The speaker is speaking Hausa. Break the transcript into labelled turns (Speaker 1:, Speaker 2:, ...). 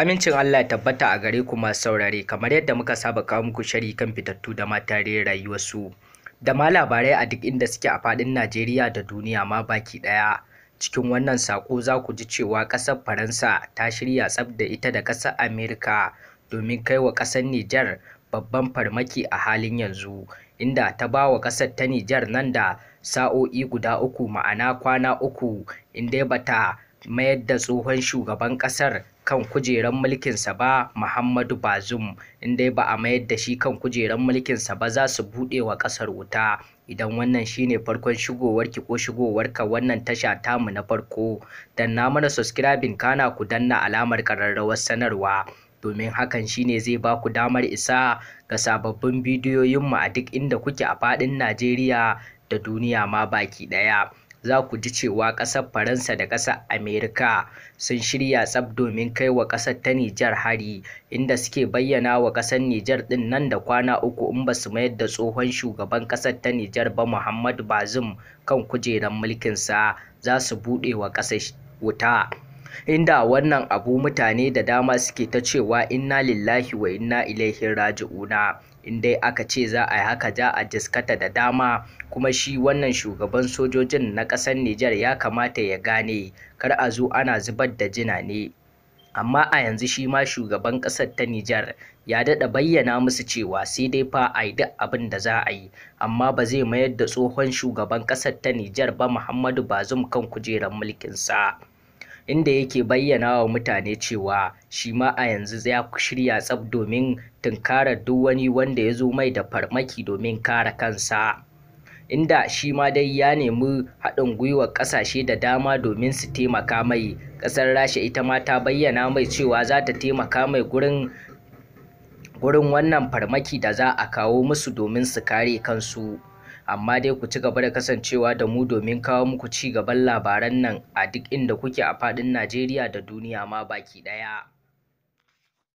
Speaker 1: Amincin Allah ya tabbata a gare ku masu saurare kamar yadda muka saba kawo muku shari kan fitattu da matare rayuwarsu da ma labarai a duk inda suke a faɗin Najeriya da duniya ma baki ɗaya. Cikin wannan sako za ku ji cewa ƙasar Faransa ta shirya tsab da ita da ƙasar Amerika domin kai wa ƙasar Nijar babban farmaki a halin yanzu inda ta ba wa ƙasar ta Nijar nan da sa'o'i guda uku ma'ana kwana uku inda bata mayar da tsohon shugaban ƙasar kan kujerar sa ba Muhammadu bazum in dai ba a mayar da shi kan kujerar mulkinsa ba za su buɗe wa ƙasar wuta idan wannan shine farkon shigowarki ko ka wannan tasha ta mu na farko dan na mana subscribing kana ku danna alamar kararrawar sanarwa domin hakan shine zai ba ku damar isa ga sababbin bidiyoyinmu a duk inda kuke a faɗin Najeriya da duniya ma baki ɗaya. za ku ji cewa ƙasar Faransa da ƙasar Amerika sun shirya tsab domin kai wa ƙasar ta Nijar hari inda suke bayyana wa ƙasar Nijar ɗin nan da kwana uku in ba su mayar da tsohon shugaban ƙasar ta Nijar ba Muhammad Bazum kan kujerar mulkinsa za su buɗe wa ƙasar wuta. inda wannan abu mutane da dama suke ta cewa inna lillahi wa inna ilaihin raji'una in dai aka ce za a yi haka za a jiskata da dama kuma shi wannan shugaban sojojin na ƙasar Nijar ya kamata ya gane kar a zo ana zubar da jina ne amma a yanzu shi ma shugaban ƙasar ta Nijar ya daɗa bayyana musu cewa sai dai fa a yi duk abin da za a yi amma ba zai mayar da tsohon shugaban ƙasar ta Nijar ba Muhammadu Bazum kan kujerar sa. inda yake bayyana wa mutane cewa shi ma a yanzu ya shirya tsab domin tunkara duk wani wanda ya zo mai da farmaki domin kare kansa inda shi ma dai ya nemi haɗin gwiwar ƙasashe da dama domin su taimaka mai ƙasar rasha ita ma ta bayyana mai cewa za ta taimaka mai gurin gurin wannan farmaki da za a kawo musu domin su kare kansu amma dai ku ci gaba da kasancewa da mu domin kawo muku ci gaban labaran nan a duk inda kuke a faɗin Najeriya da duniya ma baki ɗaya.